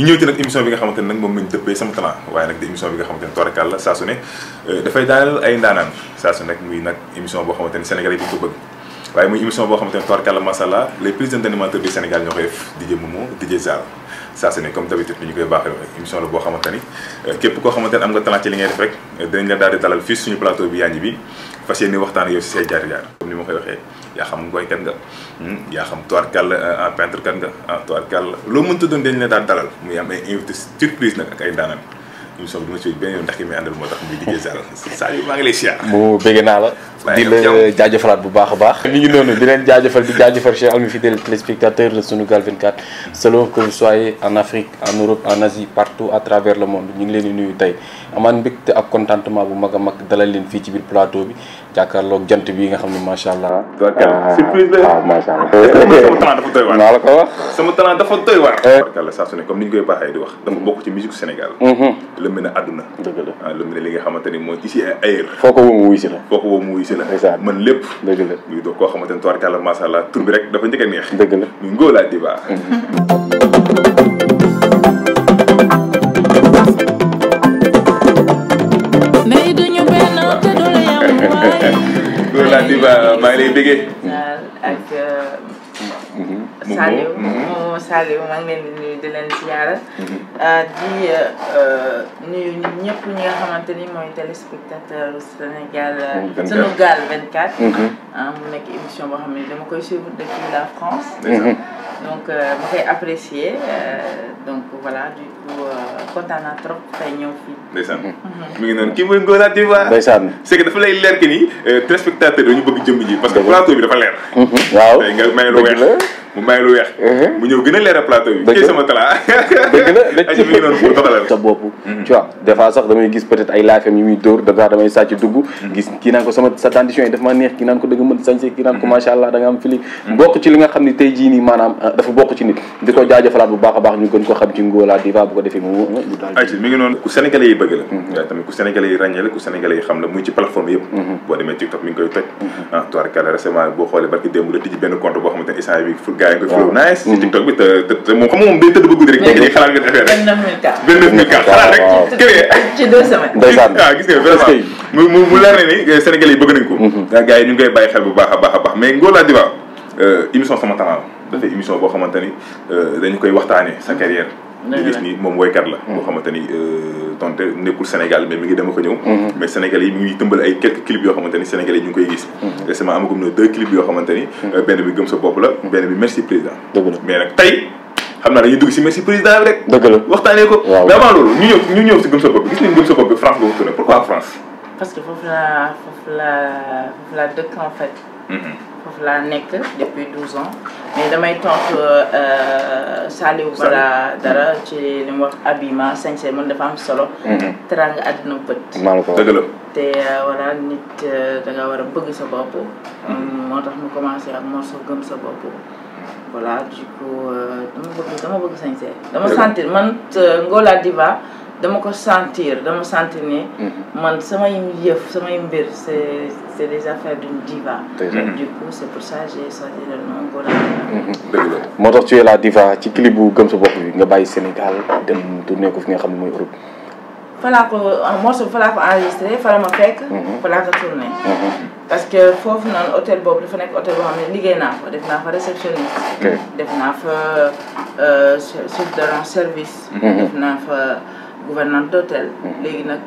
ñu ñëw ci nag émission bi nga xamante ne nag moom nañ dëppee sama talent waaye nag di émission bi nga xamante ne saa su ne euh, dafay daaneel ay ndaanaan saa su nekk muy nag émission boo xamante ne Sénégalais yi ko bëgg waaye muy émission boo xamante ne torekal la masala les plus Sénégal ñoo koy def DJ Momo saa su ne comme d'habitude ñu koy baaxee émission la boo xamante ni euh, képp koo xamante ne am nga talent ci li ngay euh, daal di dalal fii suñu plateau bi yaa fas yéene waxtaan yooyu si say jaar jaar comme ni ma koy waxee yaa xam ngoykat nga hmm, yaa xam tubaarkàll euh, ah, peintre kat nga ah, tubaarkàll loo mënta doon dañ la daan dalal muy am ay invité surprise nag ak ay ndaanaan émission bi dama ci mu bëgg naa la di la jaajëfalaat bu baax a baax mi ñu noonu di leen jaajëfal di jaajëfal Cheikh Almy fidèle téléspectateur de Sunugal 24 selon que vous soyez en Afrique en Europe en Asie partout à travers le monde ñu ngi leen di nuyu tey amaan mbégte ak contentement bu mag a mag dalal leen fii ci biir plateau bi jàkkaarloog jant bi nga xam ne macha allah. waaw ah, surprise la waaw ah, macha allah. Eh, eh, eh. sama talent dafa doy waar. saa su comme ni ñu koy baaxee di wax dafa bokk ci musique Sénégal. Mm-hmm. lëmb na àdduna. dëgg la ah, lëmb na li nga xamante ni mooy ici et ailleurs. foo ko wóomu wuy si la. foo ko wóomu wuy si la. mën lépp. dëgg la muy doon koo xamante ni allah tur rek dafa njëkk a neex. dëgg la muy Ngóola Diba. Mm-hmm. bëggee. ak Saliou mu oh, Saliou maa ngi leen di nuyu di leen ziyaara mm-hmm. ah, di euh, nuyu ñëpp ñi nga xamante ni mooy téléspectateur Sénégal euh, Sunugal 24 mm-hmm. ah, mu nekk émission boo xam ne dama koy suivre depuis la France mm-hmm. donc euh, ma koy apprécier donc voilà du coup kontaan naa trop fay ñëw fii. ndeysaan mi ngi noonu kii mooy Ngora Diva. ndeysaan c'est que dafa lay leer que ni téléspectateur dañu bëgg jëmm ji parce que plateau bi dafa leer. waaw nga may lu weex. mu may lu weex. Mhm. mu ñëw gën a leeral plateau bi. dëgg sama talaa. dëgg la dëgg ci mi ngi mhm. sax damay gis peut-être ay laafeem yu muy dóor da damay sàcc dugg. Mhm. gis kii ko sa tendition yi daf maa ko ci ni tey jii nii maanaam euh, dafa bokk ci nit. di ko jaajëfalaat bu baax baax ñu ko xam ci Ngóola Diva bu defee mu. ay mi ngi noonu ku sénégalais yi bëgg la. ku sénégalais yi ràññee ku sénégalais yi xam la muy ci plateforme yëpp. boo demee TikTok mi ngi koy toj. ah tuwaar kàlla ne gars yi koy flow nice ci TikTok bi te te moom xam nga moom day tëdd ba guddi rek jékki-jékki xalaat benn affaire rek vingt neuf mille mu mu mu leer na ni eh, Sénégalais yi bëgg ko mhm. gars yi ñu ngi bàyyi xel bu baax a baax a baax mais Ngora Diba euh, émission sama talent la dafay émission boo xamante ni euh, dañu koy waxtaanee sa carrière ñu gis ni moom woykat la hmm. boo xamante ni tonte euh, nekkul Sénégal mais mi ngi dama ko ñëw hmm. mais Sénégalais yi mi ngi tëmbal ay quelques clips yoo xamante ni Sénégalais yi ñu ngi koy gis hmm. récemment amagum na deux clips yoo xamante ni euh, benn bi gëm sa bopp la benn bi merci président mais nag tey xam naa dañuy dugg si merci président bi rek waxtaanee ko mais avant loolu ñu ñëw ñu ñëw si gëm sa bopp gis nañ gëm sa bopp bi France boobu tourné pourquoi France parce que foofu la la foofu la foofu laa nekk depuis douze ans mais damay tontu euh, Saliou balaa dara ci li mu wax habillement sañse man dafa am solo mhm. teranga àddina bët dëgg te voilà euh, nit euh, da nga war a bëgg sa bopp mhm. moo tax mu commencé ak morceau gëm sa bopp voilà du coup dama bëgg dama dama sentir man Ngola Diva dama ko sentir dama sentir ne. Mhm. man samay yëf samay mbir c'est c'est des affaires d'une diva. du mhm. moo tax tu es la diva ci clip bu gëm sa bopp nga bàyyi Sénégal dem tourné ko fi nga xam ne mooy Europe. falaa ko morceau bi falaa ko enregistré fala ma fekk. Mhm. falaa ko tourné. parce que foofu noonu hôtel boobu dafa nekk hôtel boo xam ne liggéey naa fa def naa fa réceptionniste. def naa fa chef euh, de service. def naa fa. gouvernante d'hôtel mm-hmm. léegi nag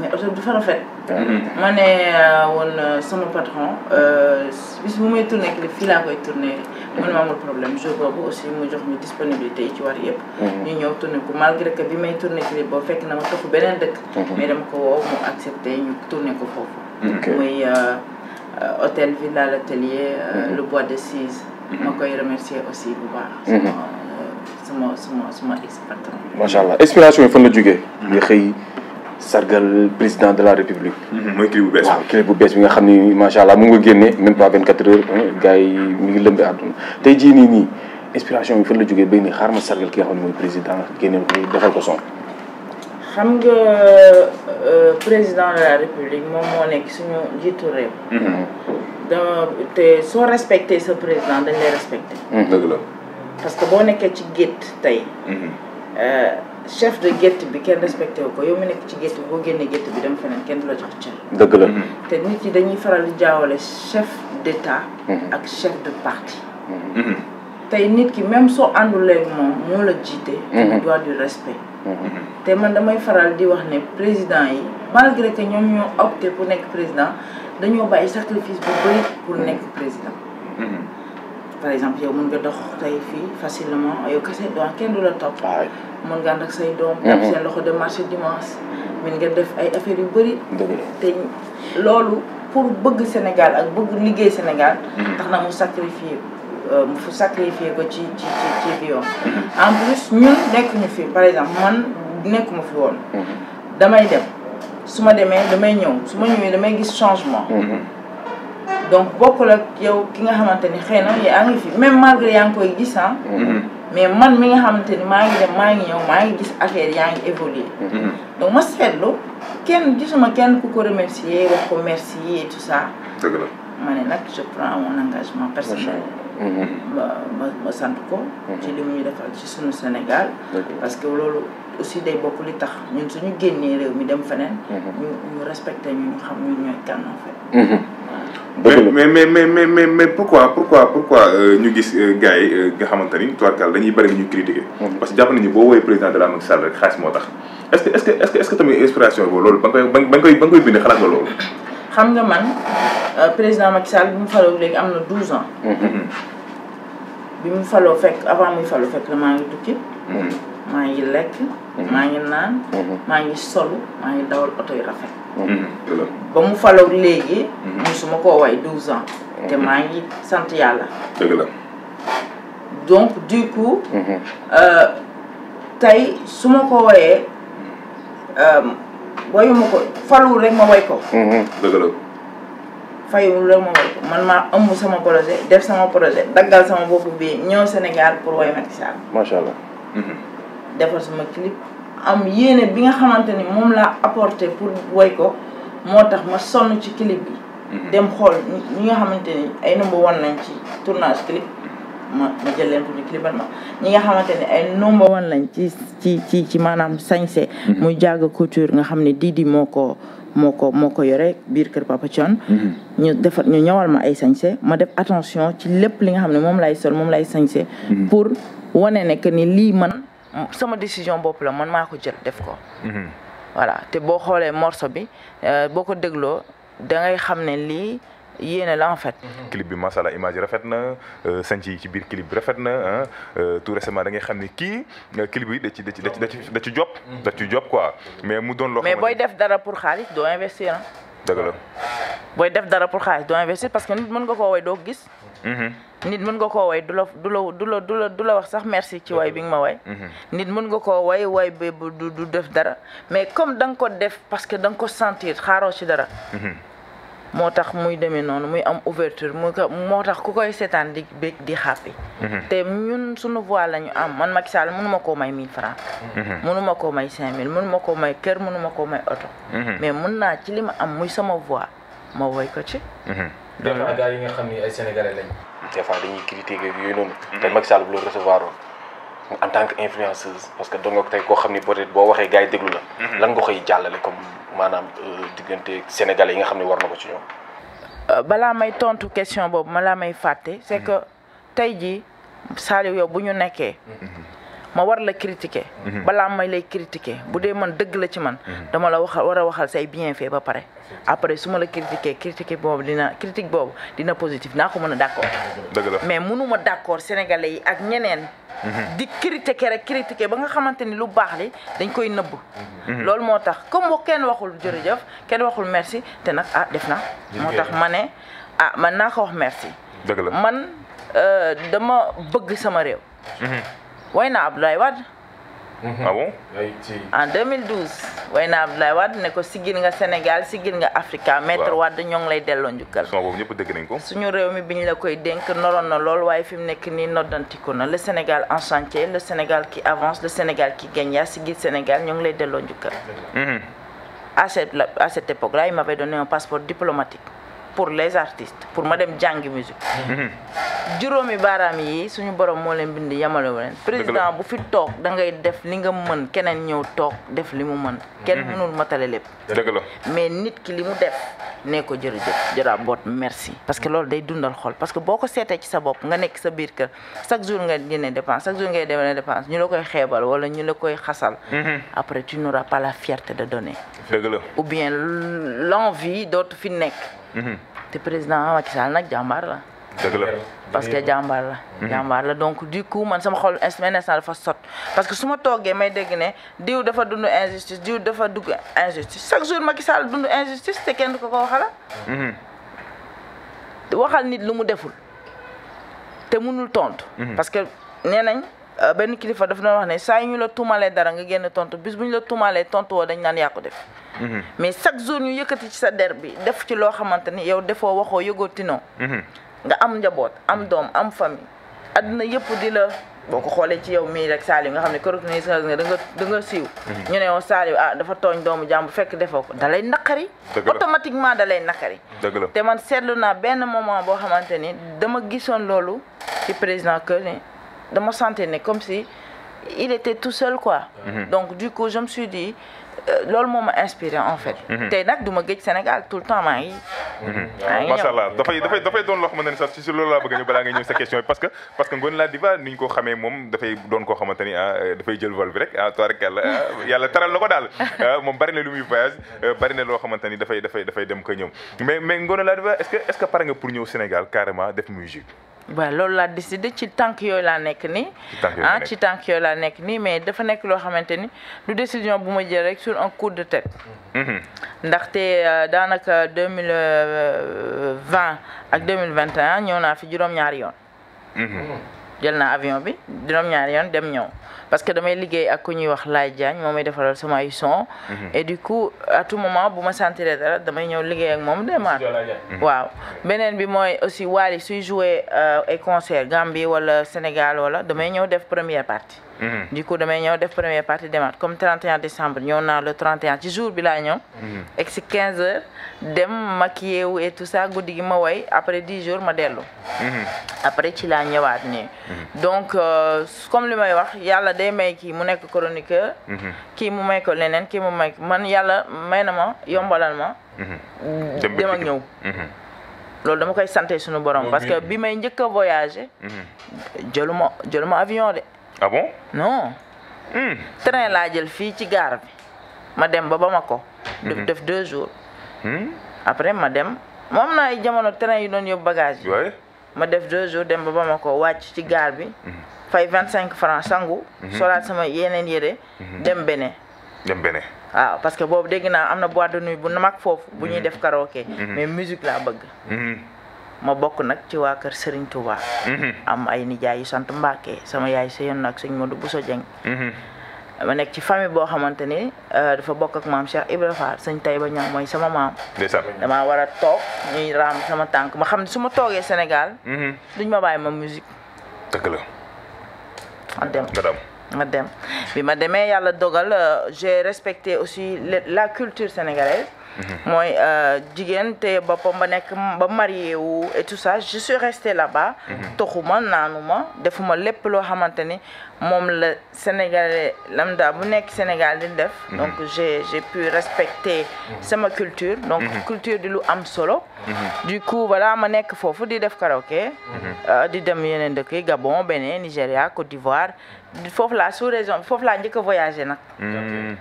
mais hôtel dafa rafet mm-hmm. ma ne euh, woon euh, sama patron euh, bis bu may tourné clip fii laa koy tourné mu ne ma problème jour aussi mu jox ñu disponibilité yi ci war yëpp mm-hmm. ñu ñëw tourné ko malgré que bi may tourné clip boo fekk na ma toxu beneen dëkk mais dama ko woo mu accepté ñu tourné ko foofu muy hôtel Villa l'Atelier le bois de Cise ma koy remercier aussi bu baax sama sama sama ex allah inspiration yi fan la jógee. Mm-hmm. nga xëy sargal président de la république. Mm-hmm. mooy clip bu bees bi bu bees bi nga xam ni macha allah mu nga génne même pas 24 heures gars yi mi ngi lëmbe àdduna jii nii nii inspiration yi fan la jógee béy ni xaar ma sargal ki nga xam ne mooy président génne ko defal nga euh, président de la république moom moo nekk suñu njiitu réew. Mm-hmm. soo respecté sa président dañ lay respecté. parce que boo nekkee ci gétt tey mhm. euh, chef de gétt bi kenn respecté wu ko yow mi nekk ci gétt boo génnee gétt bi dem feneen kenn du la jox ci dëgg la mhm. te nit ki dañuy faral di jaawale chef d'état mhm. ak chef de parti tey nit ki même soo àndulee moom moo la jiite tu dois du respect te man damay faral di wax ne président yi malgré que ñoom ñoo opté pour nekk président dañoo bàyyi sacrifice bu bëri pour nekk président par exemple yow mun nga dox tey fii facilement ah, yow kese doon ah, kenn du la topp. Ah mun nga ànd say doom. am mm-hmm. seen loxo de marché dimanche. mun nga def ay affaires yu bëri. te loolu pour bëgg Sénégal ak bëgg liggéey Sénégal. Mm-hmm. tax na mu sacrifié euh, mu sacrifié ko ci ci ci ci biir mm-hmm. en plus ñun nekkuñu fi par exemple man nekkuma fi woon. damay dem su ma demee damay ñëw su ma ñëwee damay gis changement. donc bokkul ak yow ki nga xamante ni xëy na yaa ngi fi même malgré yaa ngi koy gis ah. Mm-hmm. mais man mi nga xamante ni maa ngi dem maa ngi ñëw maa ngi gis affaire yaa ngi évoluer mm-hmm. donc ma seetlu kenn gisuma kenn ku ko remercier wax ko merci et tout ma ne nag je prends mon engagement personnel. ma mm-hmm. sant ko. ci li muy ñu defal ci suñu Sénégal. parce que loolu aussi day bokk li tax ñu suñu génnee réew mi dem feneen. ñu ñu respecté ñu ñu xam ñu ñooy kan en fait. mais mais mais mais mais pourquoi pourquoi pourquoi euh, ñu gis euh, gars euh, nga xamante ni tubaarkaal dañuy bëri ñu critiquer. Mm-hmm. parce que jàpp nañu boo woowee président de la Macky Sall rek xaalis moo tax. est-ce que est-ce que est-ce loolu ba nga koy ba nga koy ba xalaat nga loolu. xam nga man président Macky Sall bi mu faloo léegi am na 12 ans. Mm-hmm. bi mu faloo fekk avant muy faloo fekk la maa ngi tukki. Mm-hmm. maa ngi lekk. Mhm. maa ngi naan. Mhm. maa ngi solu maa ngi dawal oto yu rafet. Mhm. ba mu falaw léegi. su ma ko way douze ans. te maa ngi sant yàlla. dëgg donc du coup. Euh, tey su ma ko woyee euh, woyuma ko faluwul rek ma woy ko. dëgg la. rek ma woy ko man maa ëmb sama projet def sama projet daggal sama bopp bi ñëw Sénégal pour woy Macky Sall. allah. defar sama clip am yéene bi nga xamante ni moom laa apporté pour woy ko moo tax ma sonn ci clip bi mhm. dem xool ñi nga xamante ni ay number one lañ ci tournage clip ma ñi nga xamante ni ay number lañ ci ci ci ci maanaam sañse mhm. muy jàgg couture nga xam ne Didi moo ko moo ko moo ko yore biir kër Papa Thion mhm. ñu defar ñu ñëwal ma ay sañse ma def attention ci lépp li nga xam ne moom lay sol moom lay sañse pour wane ne ni lii man Mm. sama décision bopp la man maa ko jël def ko. Mm-hmm. voilà te boo xoolee morso bi euh, boo ko dégloo da ngay xam ne lii yéene la en fait. Mm-hmm. clip bi macha allah image yi rafet na euh, sanc yi ci biir clip bi rafet na euh, tout récemment da ngay xam ne kii clip bi da ci da ci da ci da ci da ci job mm-hmm. da ci job quoi mais mu doon loo. mais booy def dara pour xaalis doo investir dëgg la booy def dara pour xaalis doo investir parce que nit mën nga koo way doo gis. Mhm. nit mën nga koo way du la du la du la du la wax sax merci ci way bi nga ma way. Mhm. nit mën nga koo way way bi du def dara mais comme da nga ko def parce que da nga ko sentir xaaroo ci dara. Mhm. moo tax muy demee noonu muy am ouverture muy ko moo tax ku koy seetaan di bég di xàppi mm-hmm. te ñun suñu voix la am man Macky Sall mënuma koo may 1000 francs mm-hmm. mënuma koo may 5000 mënuma koo may kër mënuma koo may oto mm-hmm. mais mën naa ci li ma am muy sama voix ma woy ko ci doon na yi nga xam ni ay sénégalais lañ des fois dañuy critiquer yooyu noonu te Macky Sall recevoir woon en tant que influenceuse parce que doon nga tey ko xam ni peut-être boo waxee gars yi déglu la. Mhm. lan jàllale comme maanaam euh, diggante sénégalais yi nga xam ne war na ko ci ñoom. Euh, balaa may tontu question boobu ma laa may fàtte. c'est mhm. que tey jii Saliou yow bu ñu nekkee. Mhm. ma war la critiquer. Mhm. balaa may lay critiquer bu dee man dëgg la ci man. Mhm. dama la waxal war a waxal say bien bienfait ba pare. après suma la critiquer critique boobu dina critique boobu dina positif naa ko mën a d'accord. dëgg la mais mënu ma d'accord sénégalais yi ak ñeneen. Mhm. di critiquer rek critiquer ba nga xamante ni lu baax li dañ koy nëbb loolu moo tax comme boo kenn waxul jërëjëf kenn waxul merci te nag ah def na moo tax ma ne ah man naa ka wax merci dëgg la man euh, dama bëgg sama réew Wayna Abdoulaye Wade. Mm-hmm. ah bon. en 2012. Wayna Abdoulaye Wade ne ko siggil nga Sénégal siggil nga Africa. waaw maître Wade ñoo lay delloo njukkal. son boobu ñëpp ko. suñu réew mi bi ñu la koy dénk noroon na lool waaye fi mu nekk nii noddantiku na le Sénégal en chantier le Sénégal qui avance le Sénégal qui gagne yaa siggil Sénégal ñoo ngi lay delloo njukkal. Mm-hmm. à cette à cette époque là il m'avait un passeport diplomatique. pour les artistes pour ma dem jàngi musique mhm. juróomi baaraam yi suñu borom moo leen bind yamale wu leen président bu fi toog da ngay def li nga mën keneen ñëw toog def li mu mën mhm. kenn mënul matale lépp dëgg la mais nit ki li mu def nee ko jërëjëf jëra boot merci parce que lool day dundal xol parce que boo ko seetee ci sa bopp nga nekk sa biir kër chaque jour nga génne dépense chaque jour ngay demee dépense ñu la koy xeebal wala ñu la koy xasal mhm. après tu de donner ou Mm-hmm. te président Macky Sall nag jàmbaar la. dëgg parce que jàmbaar la. Mm-hmm. jàmbaar la donc du coup man sama xol benn instant dafa sot parce que su ma toogee may dégg ne diw dafa dund injustice diw dafa dugg injustice chaque jour Macky Sall dund injustice te kenn du ko ko waxala mm-hmm. waxal nit lu mu deful te mënul tontu. parce que nee nañ. Euh, benn kilifa daf na wax ne saa ñu la tuumalee dara nga génn tontu bis bu ñu la tuumalee tontu woo dañ naan yaa ko def. Mhm. mais chaque jour ñu yëkkati ci sa der bi def ci loo xamante ni yow defoo waxoo yëgoo tinoo mhm. nga am njaboot am doom am famille. adduna yëpp di la boo ko xoolee ci yow mii rek Saliou nga xam ne keroog nii nga da nga da nga siiw. Mhm. ñu ne yow Saliou ah, dafa tooñ doomu jàmbur fekk defoo ko da lay naqari. automatiquement da lay naqari. dëgg la te man seetlu naa benn moment boo xamante ni dama gisoon loolu ci président que dama sentais ne comme si il était tout seul quoi. Mhm. donc du coup je me suis dit euh, loolu moo ma inspiré en fait. Mhm. tey nag du ma géej Sénégal tout le temps maa ngi. Mhm. Ah, dafay doon loo xamante ne sax si loolu laa bëgg ñu nga ñëw sa question parce que parce que Diva ni ko xamee moom dafay doon koo xamante ah, dafay jël vol rek ah toi rek yàlla ah, yàlla taral na ko daal moom bari na lu muy voyage euh, bari loo xamante ni dafay dafay dafay dem ko ñëw mais mais Ngoné la Diva est-ce que est waaw loolu la décidé ci tànk yooyu laa nekk nii. ah ci tànk yooyu laa nekk nii mais dafa nekk loo xamante ni lu décision bu ma jël rek sur un coup de tête. Mm-hmm. ndaxte euh, daanaka deux mille vingt ak deux mille vingt et ñëw naa fi juróom yoon. Mm-hmm. jël na avion bi juróom-ñaari yoon dem ñëw parce que damay liggéey ak ku ñuy wax Laye Diagne moom may defaral samay son. Mhm. et du coup à tout moment bu ma sentiree dara damay ñëw liggéey ak moom demaat. Mhm. waaw beneen bi mooy aussi Wally suy jouer euh, ay concert Gambie wala Sénégal wala damay ñëw def première partie. Mm-hmm. du coup damay ñëw def première partie demaat comme 31 décembre ñëw naa le 31 ci jour bi laa ñëw. egg si 15 heures dem maquillé wu et tout ça guddi gi ma woy après 10 jours ma dellu. Mm-hmm. après ci laa ñëwaat nii. Mm-hmm. donc euh, comme li may wax yàlla de may kii mu nekk chroniqueur. kii mu may ko leneen kii mu may man yàlla may na ma yombalal ma. dem ak ñëw. loolu dama koy sante suñu borom parce que bi may njëkk a voyager. jëluma jëluma avion de. ah bon. non. Hmm. train laa jël fii ci gaar bi ma dem ba ba Bamako. def mhm. def deux jours. Hmm? après ma dem moom na ay jamono train yu doon yóbbu bagage yi. ma def deux jours dem ba ba ma ko wàcc ci gaar bi. Mhm. fay vingt cinq france sangu. Mhm. solaat sama yeneen yére. dem Bénin. dem Bénin. waaw parce que boobu dégg naa am na boîte de nuit bu mag foofu. bu ñuy def karaoké. mais musique laa bëgg. ma bokk nag ci waa kër Serigne Touba. Mhm. am ay nijaay yu sant Mbacke sama yaay sëyoon ak sëñ Modou Bousso Dieng. Mhm. ma nekk ci famille boo xamante ni euh, dafa bokk ak maam Cheikh Ibra Fall sëñ Taïba Niang mooy sama maam. damaa war a toog ñuy raam sama tànk ma xam ne su ma toogee Sénégal. Mhm. duñ ma baay ma musique. dëgg ma dem ma dem bi ma demee yàlla dogal euh, j'ai respecté aussi la culture sénégalaise. Mm-hmm. mooy euh, jigéen te boppam ba nekk ba marié wu et tout ça je suis restée là-bas. Mm-hmm. toxuma naanuma defuma lépp loo xamante ni. moom la sénégalais lambda bu nekk Sénégal di def. Mhm. donc j'ai j'ai pu respecter mhm. sama culture. donc mhm. culture di lu am solo. du coup voilà ma nekk foofu di def karaoké. Euh, di dem yeneen dëkk yi Gabon Bénin Nigéria Côte d'Ivoire foofu laa sous région foofu laa njëkk voyagé nag.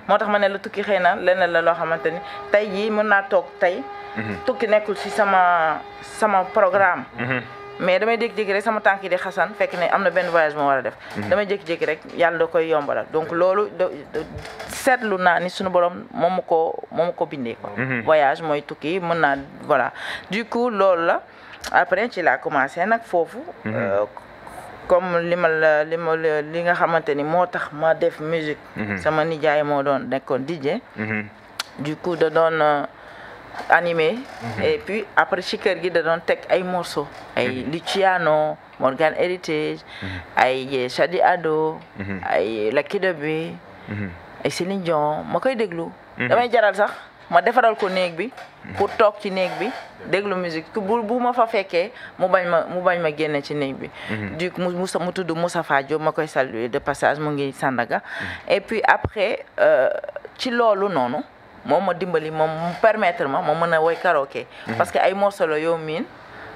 moo tax ma ne la tukki xëy na leneen la loo xamante ni tey jii mën naa toog tey. tukki nekkul ci sama sama programme. mais damay jékki-jékki rek sama tànk yi di xasan fekk ne am na benn voyage moo war a def mhm. damay jékki-jékki rek yàlla da koy yombalal donc loolu seetlu naa ni suñu borom moom ma ko moom ko bindee ko mhm. voyage mooy tukki mën naa voilà du coup loolu la après ci laa commencé nag foofu mhm. euh, comme li ma li ma li nga xamante ni moo tax ma def musique sama nijaay moo doon nekkoon DJ du coup da doon euh, animé. Mhm. et puis après ci kër gi da doon teg ay morceaux. ay mhm. Luciano Morgan Heritage. Mhm. ay eh, Sadi Ado. ay Lucky Dube. ay Céline ma koy déglu. damay jaral sax ma defaral ko néeg bi. pour toog ci néeg bi déglu musique bu bu ma fa fekkee mu bañ ma mu bañ ma génne ci néeg bi. du mu Moussa mu tudd Moustapha Diop ma koy saluer de passage mu ngi Sandaga. et puis après euh, ci loolu noonu. moom ma dimbali moom mu permettre ma ma mën a woy karaoké. Mhm. parce que ay morceaux la yoo miin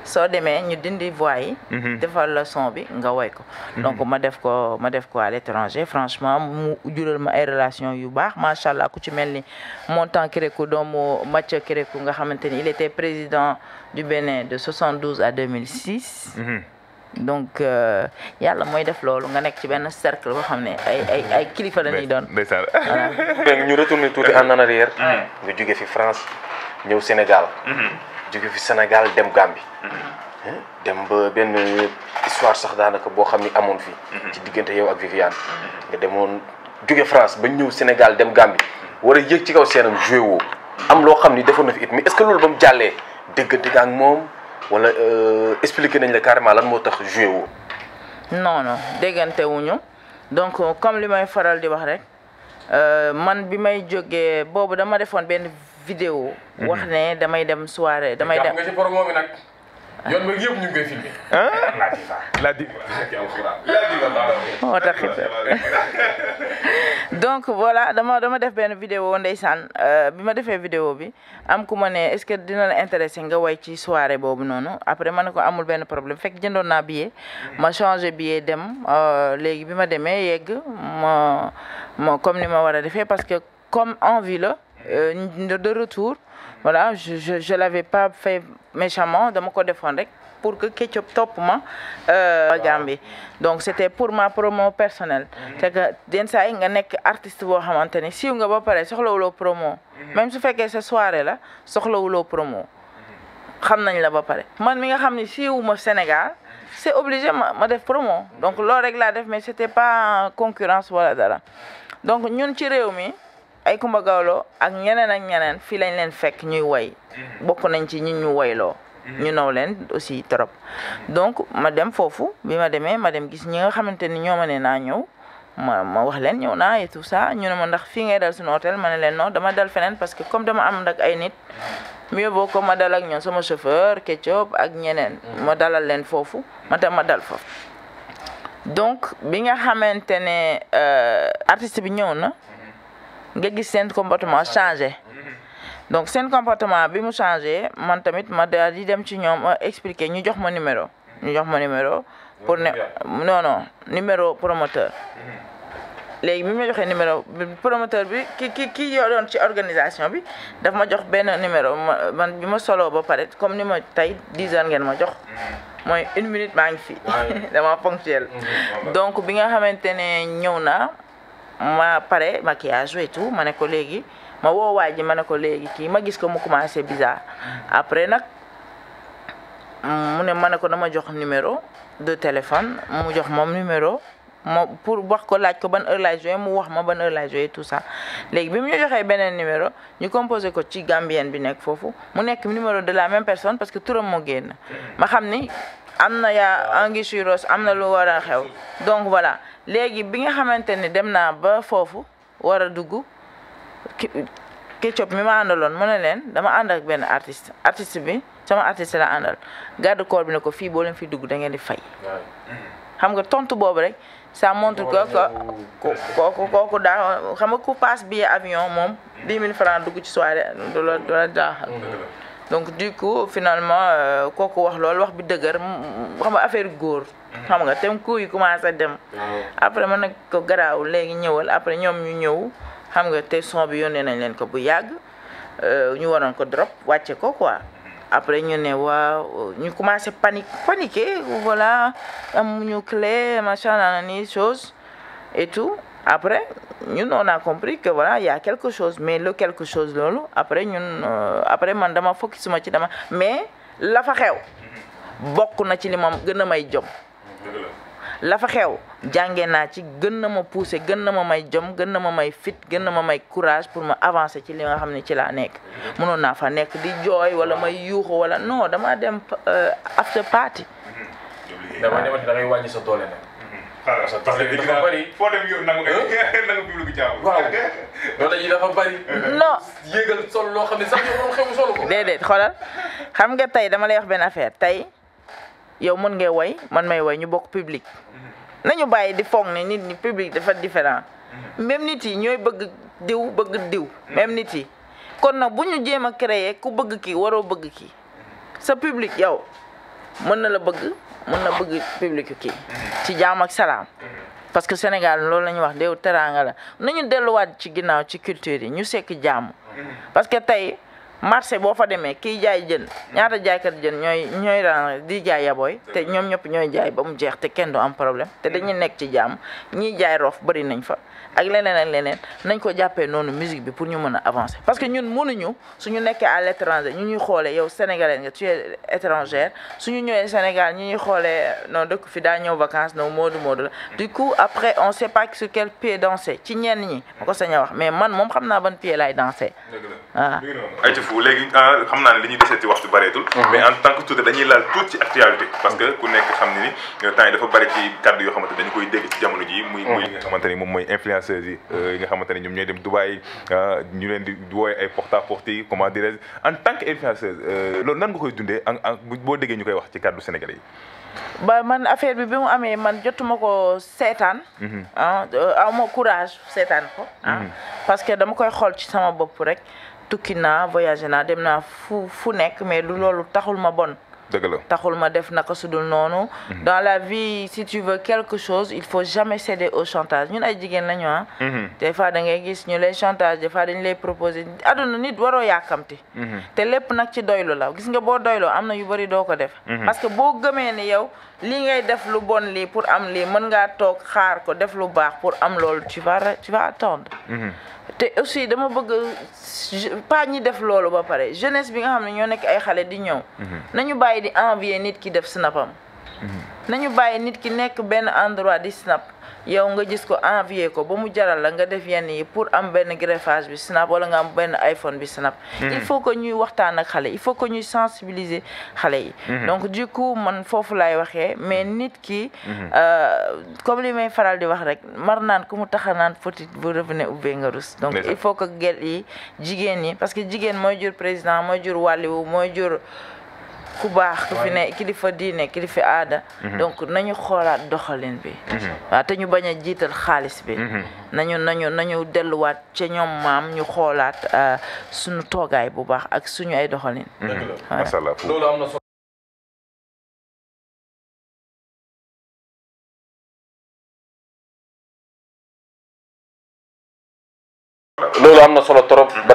soo demee ñu dindi voix yi. Mhm. defal la son bi nga woy ko. Mhm. donc ma def ko ma def ko à l'étranger franchement mu jural ma ay relations yu baax macha allah ku ci mel ni Montan Kérékou doomu Mathieu Kérékou nga xamante ni il était président du Bénin de 72 à 2006. donc euh, yàlla mooy def loolu nga nekk ci benn cercle boo xam ne ay ay ay kilifa la ñuy doon. ndeysaan ñu retourné tuuti en arrière. nga jóge fi France ñëw Sénégal. Mhm. jóge fi Sénégal dem Gambie. Mhm. dem ba benn histoire sax daanaka boo xam ni amoon fi. Mhm. ci diggante yow ak Viviane. nga demoon jóge France ba ñëw Sénégal dem Gambie. war a yéeg ci kaw seenam joué am loo xam ni defoon na fi it mi est-ce que loolu ba mu jàllee dëggante nga ak moom. wala euh, expliqué nañ la carrément lan moo tax joué woo. non non donc comme li may faral di wax rek euh, man bi may jógee boobu dama defoon benn vidéo mhm. wax ne damay dem soirée damay dem. yoon donc voilà dama dama def benn vidéo ndeysaan euh, bi ma defee vidéo bi am ku ma ne est-ce que dina la intéressé nga way ci soirée boobu noonu après ma ne ko amul benn problème fekk jëndoon naa billet. ma changé billet dem euh, léegi bi ma demee yegg ma ma comme ni ma war a defee parce que comme envie la. Euh, de, de retour voilà je je, je l'avais pas fait méchamment dama ko defoon rek pour que Ketchup topp ma euh, Gambie donc c'était pour ma promo personnelle mhm. c'est que den sa yi nga nekk artiste boo xamante ni siiw nga ba pare soxlawuloo promo mhm. même su fekkee sa soirée la soxlawuloo promo mhm. xam nañ la ba pare man mi nga xam ni siiw ma Sénégal c'est obligé ma ma def promo donc loolu rek laa def mais c'était pas concurrence wala dara donc ñun ci réew ay Kumba Gawlo ak ñeneen ak ñeneen fii lañ leen fekk ñuy woy mhm. bokk nañ ci ñu ñu woyloo mhm. ñu naw leen aussi trop donc ma dem foofu bi ma demee ma dem gis ñi nga xamante ni ñoo ma ne naa ñëw ma ma wax leen ñëw naa et tout ça ñu ne ma ndax fii ngay dal suñu hôtel ma ne leen noo dama dal feneen parce que comme dama am nag ay nit mhm. mieux vaut que ma dal ak ñoom sama chauffeur Ketchup ak ñeneen ma dalal leen foofu ma tam ma dal foofu donc bi nga xamante ne euh, artiste bi ñëw na nga gis seen comportement changé mm-hmm. donc seen comportement bi mu changé man tamit ma daal di dem ci ñoom euh, expliquer ñu jox ma numéro mm-hmm. ñu jox ma numéro pour ne non non numéro promoteur mm-hmm. léegi bi ma joxee numéro promoteur bi ki ki ki ci organisation bi daf ma jox benn numéro ma man bi ma solo ba pare comme ni ma tey 10 heures ngeen ma jox mooy une minute maa ngi fi dama ponctuel donc bi nga xamante ne ñëw naa ma pare maquillage et tout ma ne ko léegi ma woo waay ji ma ne ko léegi kii ma gis ko mu commencé bizarre après nag mu ne ma ne ko dama jox numéro de téléphone mu jox moom numéro ma pour wax ko laaj ko ban heure laay joué mu wax ma ban heure laay joué tout ça léegi bi mu ñu joxee beneen numéro ñu composé ko ci Gambien bi nekk foofu mu nekk numéro de la même personne parce que turam moo génn ma xam ni am na yaa am na loo war xew donc voilà léegi bi nga xamante ni dem naa ba foofu war a dugg Ketchup mi ma àndaloon mu ne leen dama ànd ak benn artiste artiste bi sama artiste la àndal garde corps bi ne ko fii boo leen fi dugg da ngeen di fay xam nga tontu boobu rek ça montre que kooku kooku daa xam nga ku paas billet avion moom 10 000 francs dugg ci soirée du la du la jaaxal donc du coup finalement euh, kooku wax loolu wax bi dëgër xam nga affaire góor. Mm-hmm. xam nga tem ku yi commencé dem. après man nag ko garaawul léegi ñëwal après ñoom ñu ñëw xam nga te son bi yónnee nañ leen ko bu yàgg euh, ñu waroon ko drop wàcce ko quoi. Mm-hmm. après ñu ne waaw ñu commencé panique paniquer voilà amuñu clé machin nana ni chose et tout. après ñun on a compris que voilà y quelque chose mais le quelque chose loolu après ñun euh, après man dama focus suma ci dama mais la fa xew bokk na ci li ma gën a may jom lafa xew jànge naa ci gën na ma poussé gën na ma may jom gën na ma may fit gën na ma may courage pour ma avancer ci li nga xam ne ci laa nekk mënoon naa fa nekk di jooy wala may yuuxu wala non dama dem euh, after party sa doole xaaral sax parce loo xam ne sax yow xoolal xam nga tey dama lay wax benn affaire tey yow mën ngay woy man may woy ñu bokk public. Mm-hmm. nañu bàyyi di foog ne nit ñi public dafa différent même mm-hmm. nit yi ñooy bëgg diw bëgg diw. même mm. nit yi kon nag bu ñu jéem a créer ku bëgg kii waroo bëgg ki mm-hmm. sa public yow mën na la bëgg. mun na bëgg ki ci jaam ak salaam parce que Sénégal loolu la ñuy wax déew teraanga la nañu delluwaat ci ginnaaw ci culture yi ñu sekk jàmm parce que tey marché boo fa demee kiy jaay jën ñaata jaaykat jën ñooy ñooy daan di jaay yabooy te ñoom ñëpp ñooy jaay ba mu jeex te kenn du am problème te dañu nekk ci jàmm ñiy jaay roof bëri nañ fa ak leneen ak leneen nañ ko jàppee noonu musique bi pour ñu mën a avancer parce que ñun mënuñu suñu nekkee à l'étranger ñu ñuy xoolee yow sénégalais nga tu étranger étrangère ñu ñëwee Sénégal ñu ñuy xoolee non dëkk fi daa ñëw vacances non moodu moodu la du coup après on sait pas sur quel ci ñenn ñi ma ko sañ a wax mais man moom xam naa ban pied laay danser waaw vous léegi ah, xam naa ne li ñuy deseeti waxtu bareetul uh-huh. mais en tant que tuuti dañuy laal tuuti ci actualité uh-huh. parce que ku nekk xam ne ni euh, temps yi dafa bari ci kàddu yoo xamante dañu koy dégg ci jamono ji muy muy uh-huh. li nga xamante ni moom mooy influenceuse yi euh, yi nga xamante ni ah, euh, ñu koy wax ci kàddu sénégalais yi man affaire bi bi mu amee man jotuma ko seetaan mm-hmm. ah courage seetaan ko ah, mm-hmm. parce que dama koy xool ci sama bopp rek tukki naa voyagé naa dem naa fu fu nekk mais lu loolu taxul ma bon taxul ma def naka sudul noonu mhm. dans la vie si tu veux quelque chose il faut jamais céder au chantage ñun ay jigéen lañu ah mhm. des fois da ngay gis ñu lay chantage des fois dañ lay proposer aduna nit waroo yàkkamti mhm. te lépp nag ci doylu la gis nga boo doyloo am na yu bari doo ko def parce que boo gëmee ni yow lii ngay def lu bon lii pour am lii mën ngaa toog xaar ko def lu baax pour am loolu tu vas tu vas attendre te aussi dama bëgg pas ñi def loolu ba pare jeunesse bi nga xam ne ñoo nekk ay xale di ñëw bàyyi di envier nit ki def snapam nañu bàyyi nit ki nekk benn endroit di snap yow nga gis ko envier ko ba mu jaral la nga def yenn yi pour am benn greffage bi snap wala nga am benn iPhone bi snap hmm. il faut ko ñuy waxtaan ak xale il faut que ñuy sensibiliser xale yi hmm. donc du coup man foofu laay waxee mais hmm. nit ki euh, comme li may faral di wax rek mar naan ku mu taxa naan petite bu revenez ubbee nga rus donc il faut que gel yi jigéen yi parce que jigéen mooy jur président mooy jur mooy jur ku baax ki fi ne kilifa diine kilifa aada mhm. donc nañu xoolaat doxalin bi mhm. waaw te ñu bañ jiital xaalis bi mhm. nañu nañu delluwaat ca ñoom maam ñu xoolaat euh, suñu toogaay bu baax ak suñu ay doxalin loolu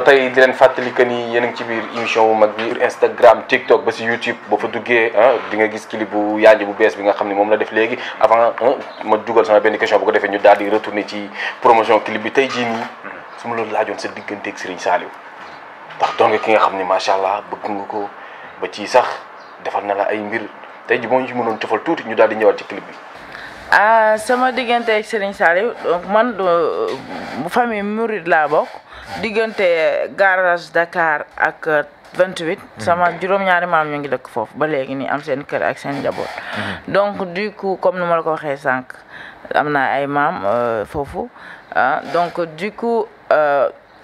tey di leen fàttali que ni yéen a ci biir émission bu mag bi sur Instagram TikTok ba si YouTube boo fa duggee ah, di nga gis clip bu yaaji bu bees bi nga xam ne moom la def léegi avant ah, ma dugal sama benn question bu ko defee ñu daal di retourner ci promotion clip bi tey jii nii su ma la laajoon sa digganteeg Serigne Saliou ndax doon nga ki nga xam ni macha allah bëgg nga ko ba ci sax defal na la ay mbir tey ji moo ñu ci mënoon tëfal tuuti ñu daal di ñëwaat ci clip bi. ah sama diggante ak Serigne Saliou donc man du euh, euh, famille Mouride laa bokk diggante garage Dakar ak 28. Euh, sama juróom-ñaari maam ñu ngi dëkk foofu ba léegi nii am seen kër ak seen njaboot. Mhm. donc du coup comme ni ma la ko waxee sànq am naa ay maam foofu ah, donc du coup.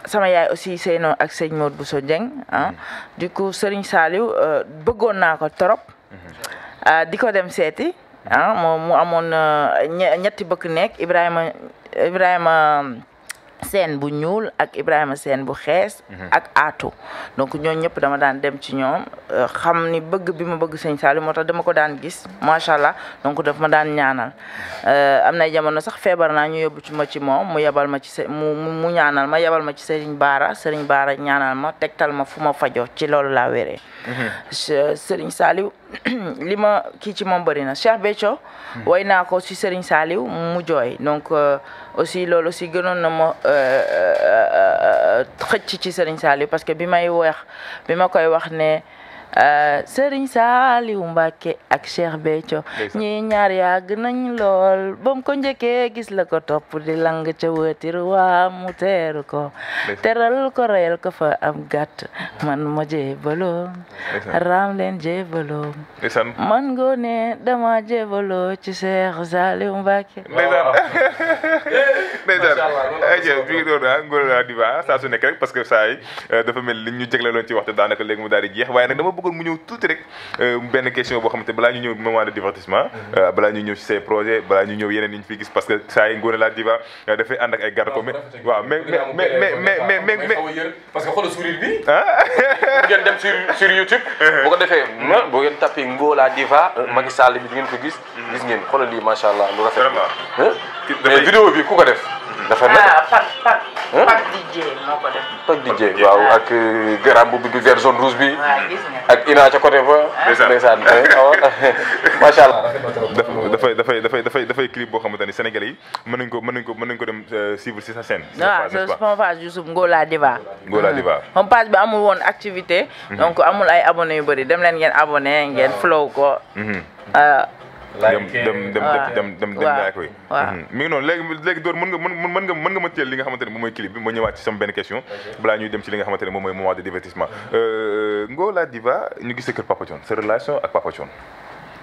sama yaay aussi Seyno ak sëñ Maodo Bousso Dieng ah mhm. du coup Serigne Saliou bëggoon naa ko trop mhm. ah, di ko dem seeti ah moom mu amoon euh, ñetti bëkk nekk Ibrahima Ibrahima seen bu ñuul ak Ibrahima seen bu xees. Mhm. ak aatu donc ñoo ñëpp dama daan dem ci ñoom euh, xam ni bëgg bi ma bëgg sëñ Saliou moo dama ko daan gis macha allah donc daf ma daan ñaanal. Euh, am na jamono sax feebar naa ñu yóbbu ci ma ci moom mu yebal ma ci sa mu mu ñaanal ma yebal ma ci Serigne Baara Serigne Baara ñaanal ma tegtal ma fu ma fajoo ci loolu laa wéree. Mhm. Serigne li ma kii ci moom bëri na Cheikh Béthio. Mhm. mu jooy donc. Euh, aussi loolu aussi gënoon na ma euh, euh, euh, xëcc ci Serigne Saliou parce que bi may weex bi ma koy wax ne Euh, Sëriñ Saaliwu Mbàkke ak Cheikh Béthio ñi ñaar yàgg nañ lool bam ko njëkkee gis la ko topp di lang ca wëtir waa mu teeru ko teral ko reyal ko fa am gàtt man ma jébaloo raam leen jébaloo man ngoone dama jébaloo ci Cheikh Saaliwu Mbàkke ndeysaan bi ngi doon ah Ngor Diva saa su nekk rek parce que saa yi euh, dafa mel li ñu jégleloon ci daal di jeex waaye nag dama bëggoon mu ñëw tuuti rek euh, benn question boo xamante balaa ñu ñëw moment de divertissement mhm. euh, balaa ñu ñëw ci say projet balaa ñu ñëw yeneen ñu fi gis parce que saa yi Ngoné la diva euh, dafay ànd ak ay garde ko mais waaw mais mais mais mais mais mais parce que xoolal sourire bi ah. ngeen dem sur sur YouTube bu ko defee mhm. bu ngeen tapé Ngoné la diva mhm. Macky Sall bi ngeen ko gis gis ngeen xoolal lii macha allah lu rafet mais vidéo bi ku ko def dafa ah, na Pape Didier moo ko def. Pape Didier waaw ak euh, garaam bu bi vert zone rouge bi. ak Ina ca côté ba. ndeysaan eh, macha allah. dafay dafay dafay dafay dafay clip boo xamante ni Sénégalais yi mën nañu ko mën nañu ko mën nañu ko dem euh, suivre si sa scène. waaw c'est son page Youssouf Ngola Diva. Ngola Diva. moom mm. page bi amul woon activité. Mm-hmm. donc amul ay abonné yu bëri dem leen ngeen abonné ngeen flow ko. Mm-hmm. Euh, Ah, dem dem dem dem laaj koy mhm. mi ngi noonu léegi léegi door mën nga mën nga mën nga ma teel li nga xamante ne moom mooy clip bi ma ñëwaat ci sama benn question balaa ñuy dem ci li nga xamante ne moom mooy moment de divertissement euh, Ngo La Diva ñu gis sa kër Papa Thione sa relation ak Papa Thione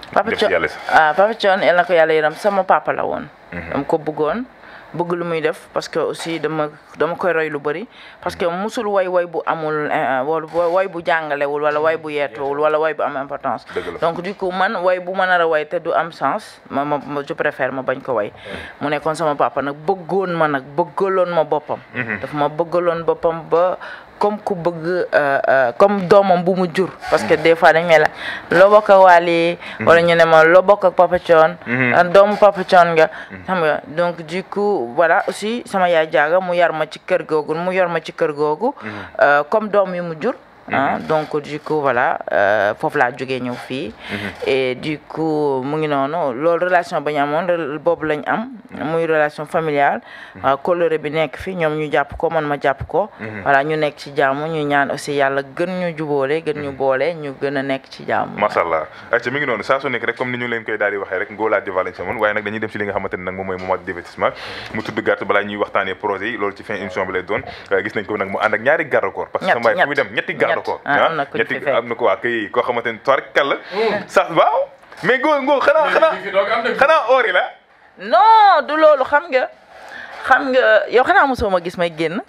Papa Thione ah Papa Thione yal na ko yàlla yërëm sama papa la woon mhm. dama ko bëggoon bëgg lu muy def parce que aussi dama dama koy roy lu bari parce que musul woy way bu amul eh, way bu jàngalewul wala way bu yeetowul wala woy bu am importance donc di coup man woy bu ma nar a way te du am sens ma ma je préfère ma bañ ko way mu nekkoon sama papa nag bëggoon ma nag bëggaloon ma boppam mhm. daf ma bëggaloon boppam ba comme ku bëgg euh, euh, comme doomam bu mu jur parce que des fois dañ ne la loo bokk ak Wally mhm. wala ñu ne ma loo bokk ak Papa Thione mhm. ah, doomu Papa Thione nga mhm. xam nga sama yaay jaaga mu yar ma ci kër googu mu yor ma ci kër googu euh, comme doom yi mu jur ah donc du coup voilà euh, foofu laa jógee ñëw fii. Mhm. et du coup mu ngi noonu loolu relation ba ñu amoon lañ am. Mhm. muy relation familiale. waaw euh, coloré bi nekk fi ñoom ñu jàpp ko man ma jàpp ko. voilà ñu nekk ci jàmm ñu ñaan aussi a ngi noonu saa su nekk rek comme ni ñu leen koy daal di waxee rek ngóolaa di valence amoon waaye nag dañuy dem ci li nga xamante nag moom mooy moment de divertissement mu tudd gàtt balaa ñuy waxtaanee projet yi loolu ci fin émission bi lay doon euh, ko nag mu ànd ak ñaari garde na ko ah ñetti ah, am na ko waa kay koo xamante ni toir kàlla hmm. sax waaw mais góor góor xanaa xanaa xanaa oori la du loolu xam nga xam nga yow xanaa mosoo ma gis may génn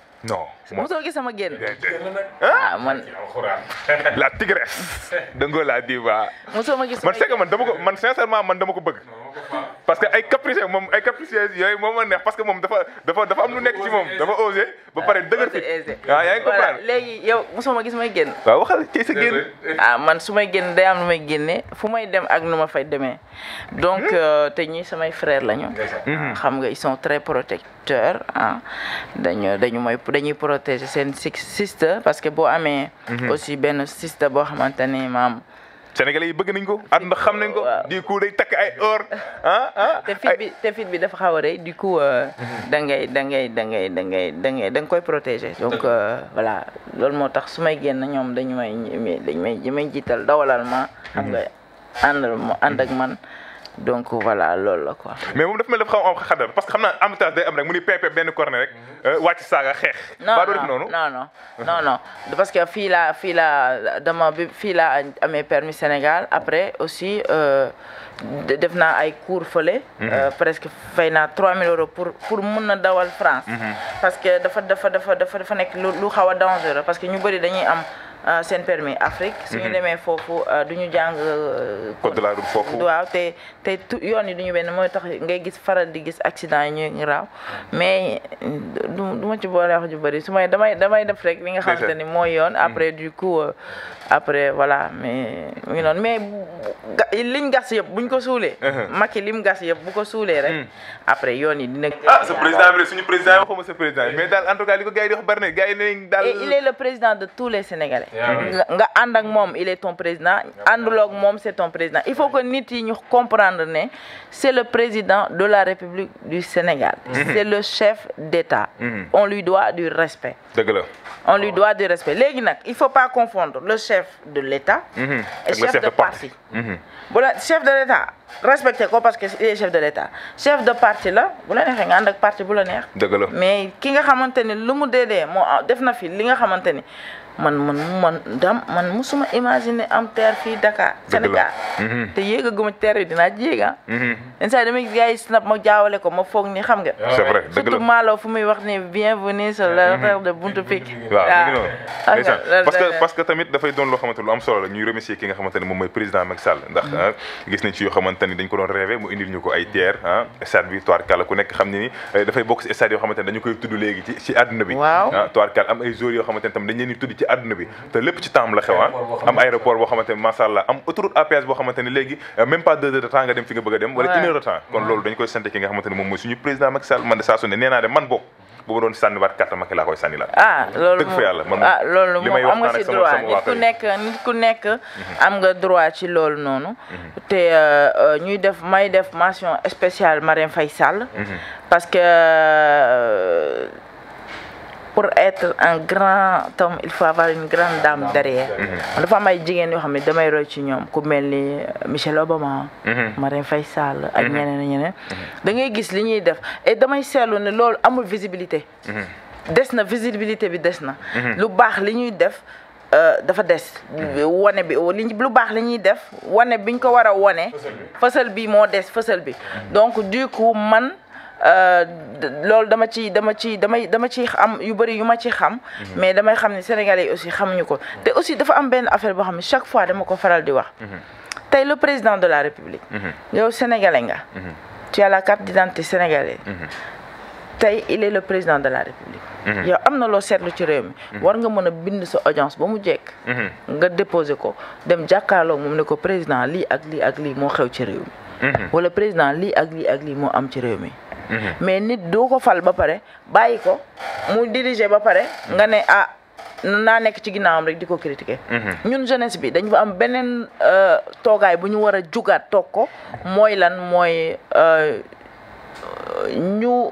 mosoo gis sama génn. ah, ah man. la tigresse. dëngoo la diva. ma gis man c'est que man dama ko man man dama ko bëgg. parce que ay capricieux moom ay capricieux yooyu moom ma neex parce que moom dafa dafa dafa am lu nekk ci moom dafa ba pare dëgër fit waaw ah, yaa ngi comprendre léegi yow ma gis may génn waaw waxal ci sa génn ah, man su may génn day nu may génne fu may dem ak nu ma fay demee donc hmm? euh, te ñi samay frère lañu hmm. xam nga ils sont très protecteurs dañu dañu may dañuy protéger seen sister parce que boo amee. Mhm. aussi benn sister boo xamante ni maam. Sénégalais yi bëgg nañ ko àdduna xam nañ ko. du coup day takk ay or ah ah. te fit bi te fit bi dafa xaw a rëy du coup euh, mhm. da ngay da ngay da ngay da ngay da ngay da nga koy protéger. donc euh, voilà loolu moo tax su may génn ñoom dañu may dañu may dañu may jiital dawalal ma. xam nga mhm. àndal ma ànd ak man. donc voilà loolu la quoi. mais moom dafa mel dafa xam am xadar parce que xam naa embouteillage day am rek mu ni pepe benn corne rek euh, wàcc saaga xeex. ba doo def noonu non non non non parce que fii laa fii laa dama bi fii laa amee permis Sénégal après aussi euh, def naa ay cours fële. Mhm. Euh, presque fay naa 3000 euros pour pour mun na dawal France. Mhm. parce que dafa dafa dafa dafa nekk lu xaw a dangereux parce que ñu bëri dañuy am. Euh, seen permis Afrique. suñu mhm. demee foofu euh, du ñu jàng. Euh, code de la route foofu. waaw te te yoon yi du ñu benn mooy tax ngay gis faral di gis accident yi ñuy raaw mais du du ma ci boole wax ju bëri su may damay damay def rek li nga xamante ni mooy yoon. Mhm. après du coup après voilà mais mu ngi noonu mais liñ gas yëpp buñ ko suulee. Mhm. Macky lim gas yëpp bu ko suulee rek. après yoon yi dina. ah sa président bi suñu président yi waxuma sa président mais daal en tout cas yi di wax bari na yi ne daal. il est président de tous les Sénégalais. nga ànd ak moom il est ton président ànduloog moom c' est ton président il faut que nit yi ñu comprendre ne c' le président de la république du Sénégal mm-hmm. mm-hmm. c' le chef d' état mm-hmm. on lui doit du respect dëgg la oh. nag il faut pas confondre le chef de l' état et chef de parti bu la chef de l' état respecté ko parce que il est chef de l' chef de parti la bu la neexee nga ak parti bu la neex mais ki nga xamante ni lu mu dee dee moo def na fi li nga xamante ni man man man dam man musuma imaginer am terre fii Dakar Sénégal mhm. te yéegaguma terre yi dinaa ci yéeg ah yenn saa snap ma jaawale ko ma foog ni xam nga parce que tamit dafay doon loo am solo ñuy remercier ki nga xamante ne moom mooy président Macky Sall ndax mhm. ah, gis nañ ci yoo xamante ni dañ koy tudd léegi ci ci àdduna bi waaw ah, am ay joueurs yoo xamante tam dañ leen di ci àdduna bi te lépp ci temps la xewaan am aéroport boo xamante ni am autoroute à boo xamante léegi euh, même pas deux de temps nga dem fi nga bëgg a dem wala une de temps kon loolu dañ koy sant ki nga xamante moom mooy suñu président Macky Sall man de saa su ne nee naa de man bokk bu ma doon sànniwaat carte laa koy sànnilaat ah ah loolu moom am nga si droit nit ku nekk nit ku nekk mhm. am nga droit ci loolu noonu mhm. te euh, euh, may def mention spéciale pour être un grand homme il faut avoir une grande dame derrière. Mm-hmm. dafa am ay jigéen yoo xam ne damay roy ci ñoom ku mel ni Michelle Obama. Mm-hmm. Marème Faye Sall ak mm-hmm. ñeneen ñeneen. da ngay gis li ñuy def et damay seetlu ne loolu amul visibilité. des na visibilité bi des na. lu baax li ñuy def. Euh, dafa des wane bi li lu baax li ñuy def wane biñ ko war a wane. fësal bi moo des fësal bi donc du coup man. Euh, loolu dama ci dama ci damay dama ci am yu bëri yu ma ci xam. Mhm. mais damay xam ne sénégalais yi aussi xamuñu ko. Mhm. te aussi dafa am benn affaire boo xam ne chaque fois dama ko faral di wax. Mhm. tey le président de la république. yow sénégalais nga. tu as la carte d'identité sénégalaise. tey il est le président de la république. yow am na loo seetlu ci réew mi. war nga mën a bind sa audience ba mu jekk. nga déposé ko dem jàkkaarloo moom ne ko président lii ak lii ak lii moo xew ci réew wala président lii ak lii ak lii moo am ci réew mi. Mhm. mais nit doo ko fal ba pare bàyyi ko mu diriger ba pare nga ne ah naa nekk ci ginnaawam rek di ko critiquer. Mhm. ñun jeunesse bi dañu fa am beneen euh, toogaay bu ñu war a jugaat toog ko mooy lan mooy euh, ñu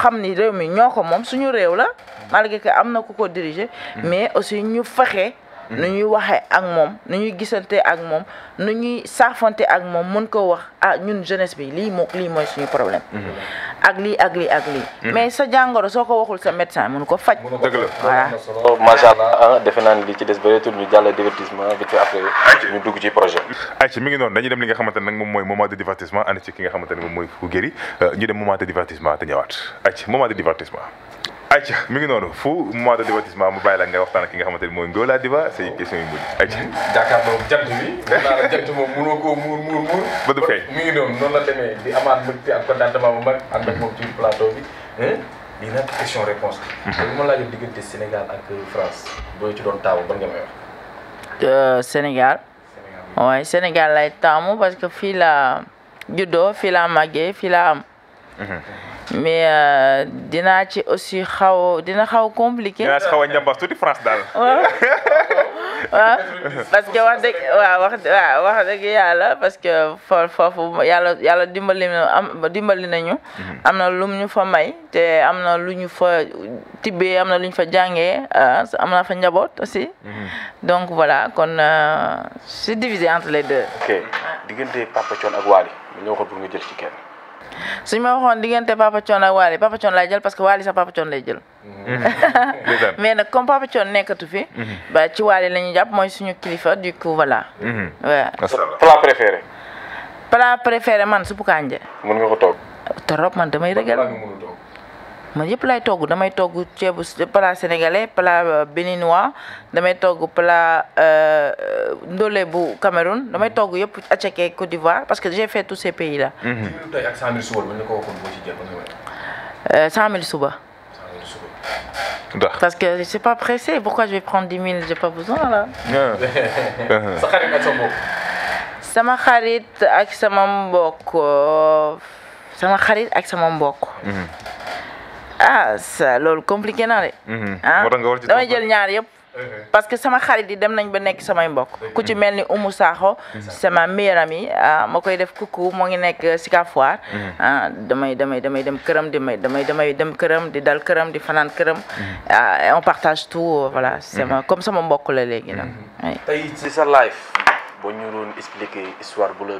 xam ni réew mi ñoo ko moom suñu réew la malgré que am na ku ko diriger mhm. mais aussi ñu fexe Mm-hmm. nu ñuy waxee ak moom nu ñuy gisante ak moom nu ñuy saafante ak moom mën koo wax ah ñun jeunesse bi lii mooy suñu problème. Mm-hmm. ak lii ak lii ak lii. Mm-hmm. mais sa jàngoro soo ko waxul sa médecin mënu ko faj. dëgg la voilà. Oh, macha allah ah, defe naa ne li ci des bëreetul ñu jàll divertissement bi te après ñu dugg ci projet ayca mi ngi noonu dañuy dem li nga xamante moom mooy moment de divertissement ànd ci ki nga xamante moom mooy Fouguéry euh, ñu dem moment de divertissement te ñëwaat ayca moment de divertissement. ayca mi ngi noonu fu moment de divertissement mu bàyyi la nga waxtaan ak ki nga xamante ni mooy Ndoola Diba say question yu mujj ayca jàkkaarloo jant bi mun naa la jant moom mënoo koo muur muur muur ba du feeñ mi ngi noonu noonu la demee di amaat mbëgte ak kontaantement bu mag ànd ak moom ci plateau bi lii nag question réponse la bu mhm. ma laajoon diggante Sénégal ak euh, France boo ci doon taamu ban nga may wax euh, Sénégal waaye Sénégal lay taamu parce que fii laa juddoo fii laa màggee fii laa am mhm. mais euh, dinaa ci aussi xaw dina xaw compliqué. xaw a njambaas parce que wax dëgg wax waaw wax parce que foofu yàlla yàlla dimbali na dimbali nañu. Mhm. am na lum ñu fa may te am na lu ñu fa tibbee am na lu fa jàngee ah, am na fa njaboot aussi. Mhm. donc voilà kon euh, c'est divisé entre les deux. ok diggante Papa Thione ak Wally ñu waxoon pour nga jël ci kenn. suñ ma waxoon diggante Papa Thione ak Wally Papa Thione lay jël parce que Wally sax Papa Thione lay jël. Mm-hmm. mais nag comme Papa Thione nekkatu fi. Mm-hmm. ba ci Wally la ñuy jàpp mooy suñu kilifa du coup voilà. waaw mm-hmm. plat préféré. plat préféré man suppu kànja. mën nga ko toog. trop man damay régal. man yëpp lay togg damay togg ceebu plat sénégalais plat euh, béninois damay togg plat euh, ndolé bu Cameroun damay togg yëpp Tchèque Côte d'Ivoire parce que j'ai fait tous ces pays mhm. la ko ci jël euh, parce que je suis pas pressé pourquoi je prendre 10 000 j'ai pas besoin là. Ah. sa xarit ak sa mbokk. sama xarit ak sama mbokk sama xarit ak ah loolu compliqué na de. Mhm. ah damay jël ñaar yëpp. parce que sama xarit yi dem nañ ba nekk samay mbokk. ku ci mel ni Oumou Sakho. Mhm. sama meilleure yi ah, ma koy def kuku moo ngi nekk Sika Foire. Mhm. ah damay damay damay dem këram di may damay damay dem këram di dal këram di fanaan këram. Ah, on partage tout euh, voilà sama comme sama mbokk la léegi nag. tey ci sa live boo ñu doon expliquer bu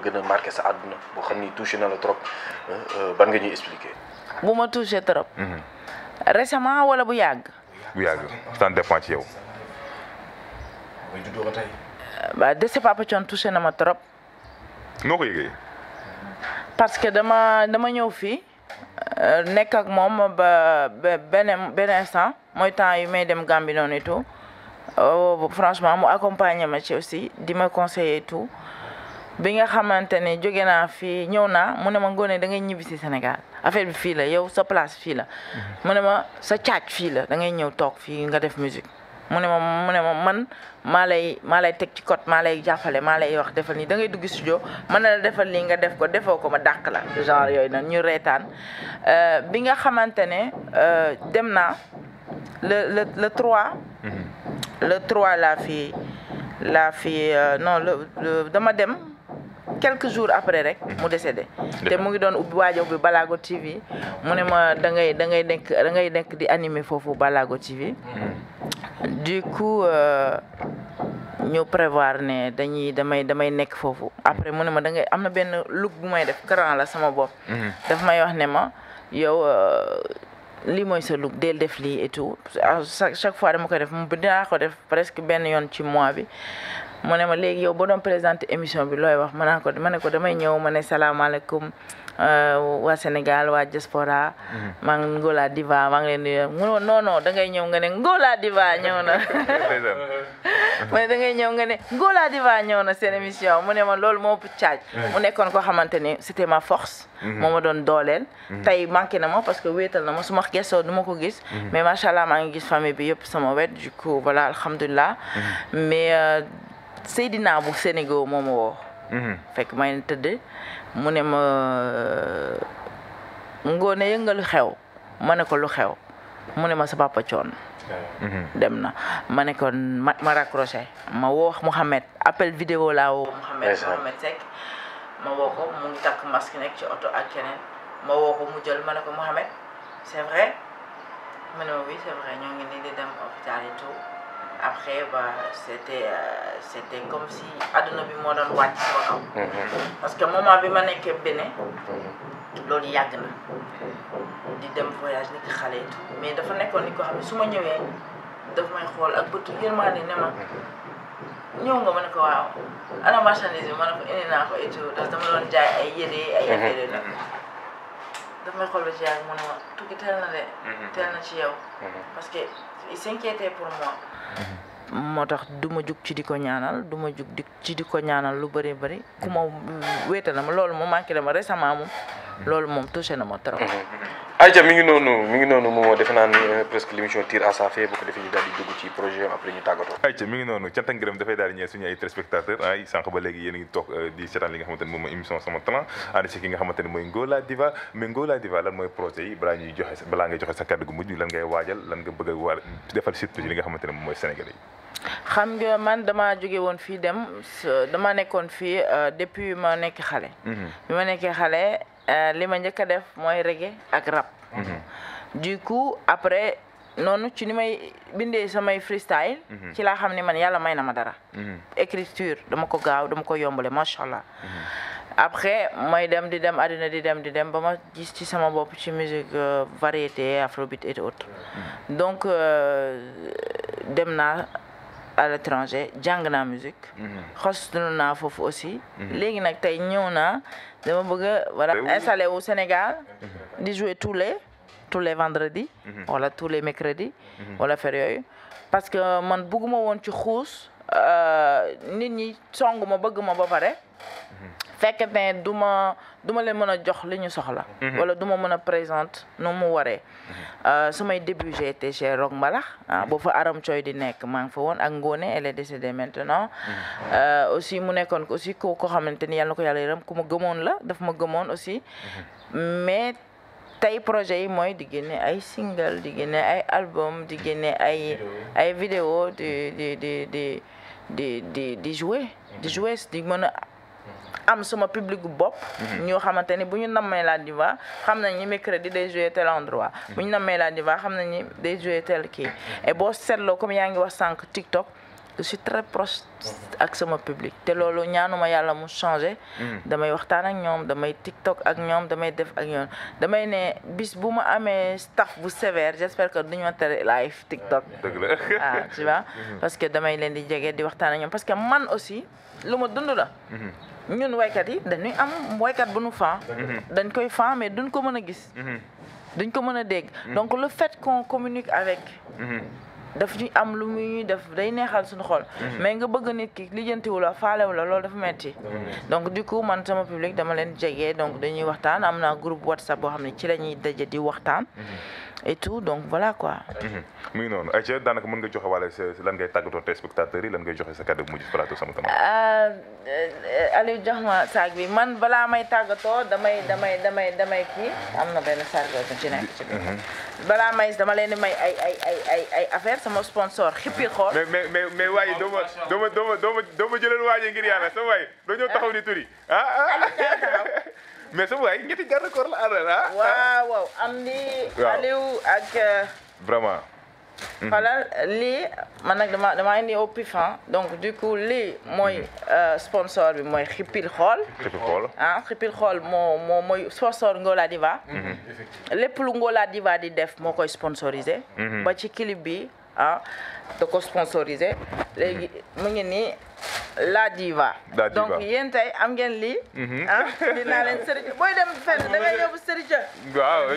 sa àdduna boo xam ni touché na la trop euh, euh, ma touché trop. récemment wala bu yàgg. bu yàgg ça dépend ci yow. dese Papa Thione touché na ma trop. noo ko yëgee. parce que dama dama ñëw fii euh, nekk ak moom ba benn mooy temps yu may dem Gambie noonu oh, franchement mu accompagner ma ci aussi di ma conseiller tou bi nga xamante ne jóge naa fii ñëw naa mu ne ma Ngoné da ngay ñibbi si affaire bi fii la yow sa place fii la mhm. mu ne ma sa caac la da ngay ñëw toog fii nga def mu ne ma mu ne ma man maa lay maa lay teg ci code maa lay jàppale maa lay wax defal nii da ngay dugg studio mën na la defal lii nga def ko defoo ko ma dàq la genre yooyu nag ñu reetaan euh, bi nga xamante ne euh, dem naa le le le trois mhm. le trois laa fi laa fi euh, non la dama dem quelque jours après rek mu décédé te mu ngi doon ubbi waaj ubbi Balago TV mu ne ma da ngay da ngay nekk da ngay nekk di animer foofu Balago TV hmm. du coup euh, ñu prévoir ne dañuy damay damay nekk foofu après mu ne ma da ngay am na benn look bu may def cran la sama bopp hmm. daf may wax ne ma yow euh, lii mooy sa look del def lii et tout chaque fois dama koy def mu dinaa ko def presque benn yoon ci mois bi mu ne ma léegi yow boo doon présenté émission bi looy wax ma ne ko ma ne ko damay ñëw ma ne salaamaaleykum euh, waa Sénégal waa diaspora mhm. maa ngi Diva maa ngi leen da ngay ñëw nga ne Ngola Diva ñëw na da ngay ñëw nga ne Ngola Diva ñëw na seen émission mu ne ma loolu moo ëpp mu nekkoon koo xamante ni c'était ma force mhm. moo ma doon dooleel mhm. tey manqué na ma parce que wéetal na ma su ma gëstoo du ma ko gis mais macha allah maa ngi gis famille bi yëpp sama wet du coup voilà alhamdulilah mais euh, Seydina bu Sénégal moo ma woo. Mhm. fekk may tëdd mu ne ma ngoone yëngalu xew ma ne ko lu xew mu ne ma sa papa coon mhm. dem na ma ne ko ma ma raccroché ma woo Mouhamed appel vidéo laa woo Mouhamed Mouhamed Seck ma ne ko Mouhamed c'est ñoo ngi nii di dem hôpital après bah c'était euh, c'était comme si adduna bi moo doon wàcc sama kaw. Mhm. parce que moment bi ma nekkee Bénin. Mhm. loolu yàgg na di dem voyage ni ki xale yi mais dafa nekkoon ni ko xam ne su ma ñëwee daf may xool ak bëtu yërmaande ne ma mhm. ñëw nga ma ne ko waaw ana marchandise ma ne ko indi naa ko et dama doon jaay ay yére ay affaire daf may xool na de. Mhm. teel na ci yow. Mhm. parce que il pour moi. Mhm. moo tax du ma jug ci di ko ñaanal du ma jug di ci di ko ñaanal lu bëri bëri ku ma wéete na ma loolu mu manqué dama récemment moom. Mm-hmm. loolu moom touché na ma trop. Mm-hmm. Aïcha mi ngi noonu mi ngi noonu moom defe naa ne euh, presque l' émission tire à sa a euh, nga xamante a fii dem dama nekkoon fii euh, depuis ma nekk xale mm-hmm. ma nekkee xale Euh, li ma njëkk a def mooy reggae ak rap. Mhm. du coup après noonu ci ni may bindee samay freestyle. Mhm. ci laa xam ne man yàlla may na ma dara. Mhm. écriture dama ko gaaw dama ko yombale macha allah. après may dem di dem àddina di dem di dem ba ma jis ci sama bopp ci musique euh, variété afrobeat et autres donc euh, dem naa. à l'étranger jàng naa musique mhm. xoslu naa foofu aussi mhm. léegi nag tey ñëw naa dama bëgg a wu Sénégal mhm. di jouer tous les tous les vendredis wala tous les mercredis wala fer yooyu parce que man bëgguma woon ci xuus euh, nit ñi songu ma bëgg ma ba pare fekkente ne du ma du ma leen mën a jox li ñu soxla. Mhm. wala du ma mën a présente nu mu waree. Mhm. Euh, sumay début j'ai été chez Rock Mbalax ah mhm. boo fa Aram Coy di nekk maa ngi fa woon ak Ngone elle est décédée maintenant. Euh, aussi mu nekkoon ko aussi ko ko xamante ni yàlla na ko yàlla yaram ku ma gëmoon la daf ma gëmoon aussi. mais tey projet yi mooy di génne ay single di génne ay album di génne ay ay vidéo di di di di di di di mën am suma public bu bopp. Mhm. ñoo xamante ni bu ñu nammee la diva xam nañ ni mercredi day jouer tel endroit. Mhm. bu ñu nammee la diva xam nañ ni day jouer tel kii et boo seetloo comme yaa ngi wax sànq TikTok. je suis très ak sama public te loolu ñaanuma yàlla mu changé mm. damay waxtaan ak ñoom damay tiktok ak ñoom damay def ak ñoom damay ne bis bu ma amee staff bu sévère j'espère que duñu ma tere live tiktok ah tu mm-hmm. parce que damay leen di jege di waxtaan ak ñoom parce que man aussi lu ma dund la mm-hmm. ñun waykat yi dañuy am waykat bu nu fan mm-hmm. dañ koy fan mais duñ ko mën a gis duñ ko mën a dégg donc le fait qu'on communique avec daf ñu am lu muy ñuy def day neexal suñu xol. Mhm. mais nga bëgg nit ki lijjantiwu la faalewu la loolu dafa metti donc du coup man sama public dama leen jege donc dañuy waxtaan am na groupe whatsapp boo xam ne ci la ñuy daje di waxtaan. Mhm. et tout donc voilà quoi. Mhm. mu ngi noonu ayca daanaka mën nga joxe wala lan ngay tàggatoo te spectateurs yi lan ngay joxe sa kàddu bu mujj plateau sama kanam. Euh, euh, Aliou jox ma saag bi man balaa may tàggatoo damay damay damay damay kii am na benn saag boo ci nekk ci mhm. balaa may dama leen di may ay ay ay ay ay affaire sama sponsor xippi xool. mais mais mais mais waaye doo ma doo ma doo ma doo ma jëlee waajee ngir yàlla sama waay doo ñëw taxaw ni turi ah ah. mais sama waay ñetti garde corps la àndal ah, ah. waaw waaw am lii. Aliou ak. Euh, vraiment. Mm-hmm. voilà lii man nag dama damaa indi au pif donc du coup lii mooy mm-hmm. euh, sponsor bi mooy Xipil Xool. Xipil Xool ah Xipil Xool moo moo mooy sponsor Ngola Diva. Mm-hmm. lépp lu Ngola Diva di def moo koy sponsorisé. ba ci clip bi ah da ko sponsorisé léegi mu ngi nii. la diva. la diva donc yéen tey am ngeen lii. Mhm. ah dinaa leen dem fenn da ngay yóbbu sëriñ waaw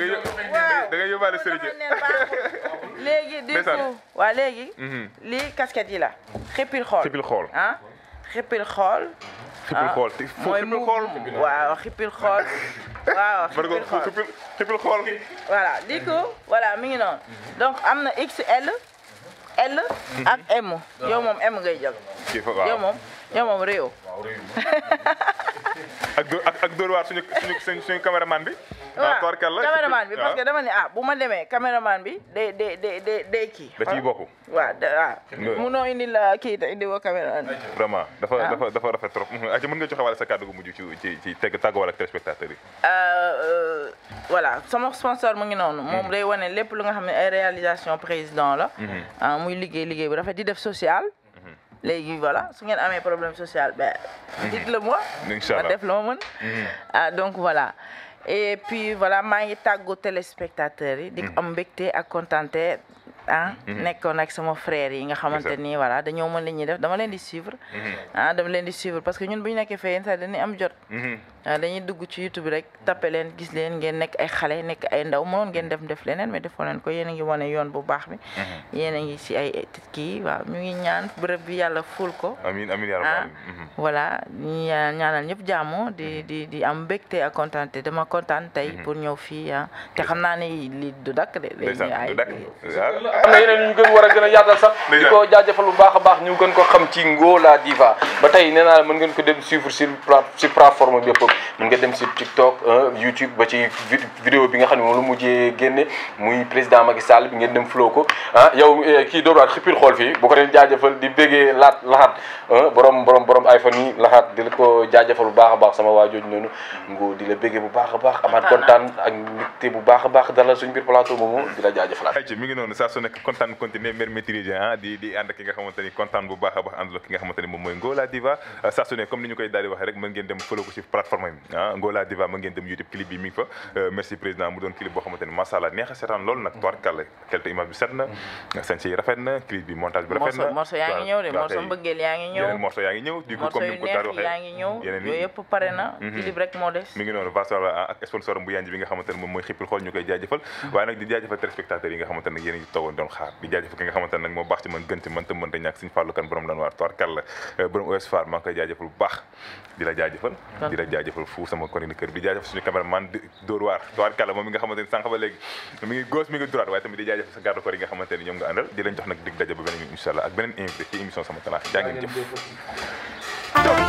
léegi du coup léegi. Mhm. lii casquette yi la. xippil xool xippil xool ah xippil xool. xippil ah, xool mooy mu waaw xippil xool. waaw xippil xool voilà du coup voilà mi ngi noonu donc am na XL. L ak M yow moom M ngay yow moom réew. waaw ak dóor ak ak dóor waar suñu suñu maan caméraman bi. waaw caméraman bi parce que dama ne ah bu ma demee caméraman bi day day day day kii. da ciy bokk. waaw da ah. waaw. indi la kii indi woo caméraman bi. vraiment ah. dafa dafa rafet trop. ayca mën nga joxe wala sa kàddu gu mujj ci ci ci teg tàgguwaale ak téléspectateurs yi. Euh, euh, voilà sama sponsor mu ngi noonu. moom day wane lépp lu nga xam ne ay réalisation président la. Ah, muy liggéey liggéey bu rafet di def social. léegi voilà su ngeen amee problème social ben mhm. dites-le moi ma def la ma mën mhm. ah donc voilà et puis voilà maa ngi tàggu téléspectateurs yi di mhm. am mbégte ak kontante ah mm-hmm. nekkoon ak sama frère yi nga xamante nii voilà dañoo mën li ñuy def dama leen di suivre mm-hmm. ah dama leen di suivre parce que ñun bu ñu nekkee fee yenn saa dañuy am jot mm-hmm. ah, dañuy dugg ci YouTube rek tappe leen gis leen ngeen nekk ay xale nekk ay ndaw mënoon ngeen def leneen mais defoo leen ko yéen a ngi wane yoon bu baax bi yéen a ngi si ay kii waaw ñu ngi ñaan bërëb bi yàlla ful ko amiin amiin ah ñaanal ñëpp jàmm di di di am mbégte ak kontaan dama kontaan tey pour ñëw fii ah te xam naa ne lii du dakk de am na yeneen ñu gën war a gën a yaatal sax di ko jaajëfal bu baax a baax ñu gën ko xam ci Ngô la Diva ba tey nee mën ko dem suivre sur sur plateforme bi yëpp nga dem sur TikTok YouTube ba ci vidéo bi nga xam ne moom lu mujjee génne muy président Macky Sall bi ngeen dem flow ko ah, yow eh, kii Dóor waar xippil xool fii ko leen jaajëfal di béggee laat laxaat borom borom borom iPhone yi laxaat di la ko jaajëfal bu baax a baax sama waa jooju noonu Ngô di la béggee bu baax a baax amaat kontaan ak a baax dalal suñu biir plateau nekk continuer mère maîtrise ah, di di ànd nga xamante ni kontaan a baax àndaloo ki nga xamante mooy Ngola Diva ah, saa su ni ñu koy daal rek mën ngeen dem follow ah, euh, a sponsor bu yanj bi nga mooy xippil xool ñu koy jaajëfal mm-hmm. waaye nag di jaajëfal téléspectateurs yi nga xamante ne yéen doon xaar di jaajëf ki nga ne nag moo baax ci man gën ci man te mën te ñàkk suñu fàllu kan borom lan toir kall borom us far maa ngi koy baax di la jaajëfal di la jaajëfal fu bi di jaajëfal suñu caméraman Dóor waar toir kall moom mi nga xamante ni sànq ba léegi mi ngi gauche mi ngi droite waaye tamit di jaajëfal sa garde nga xamante ni nga àndal di leen nag dig daje beneen inshallah ak beneen invité ci émission sama talent jaa jëf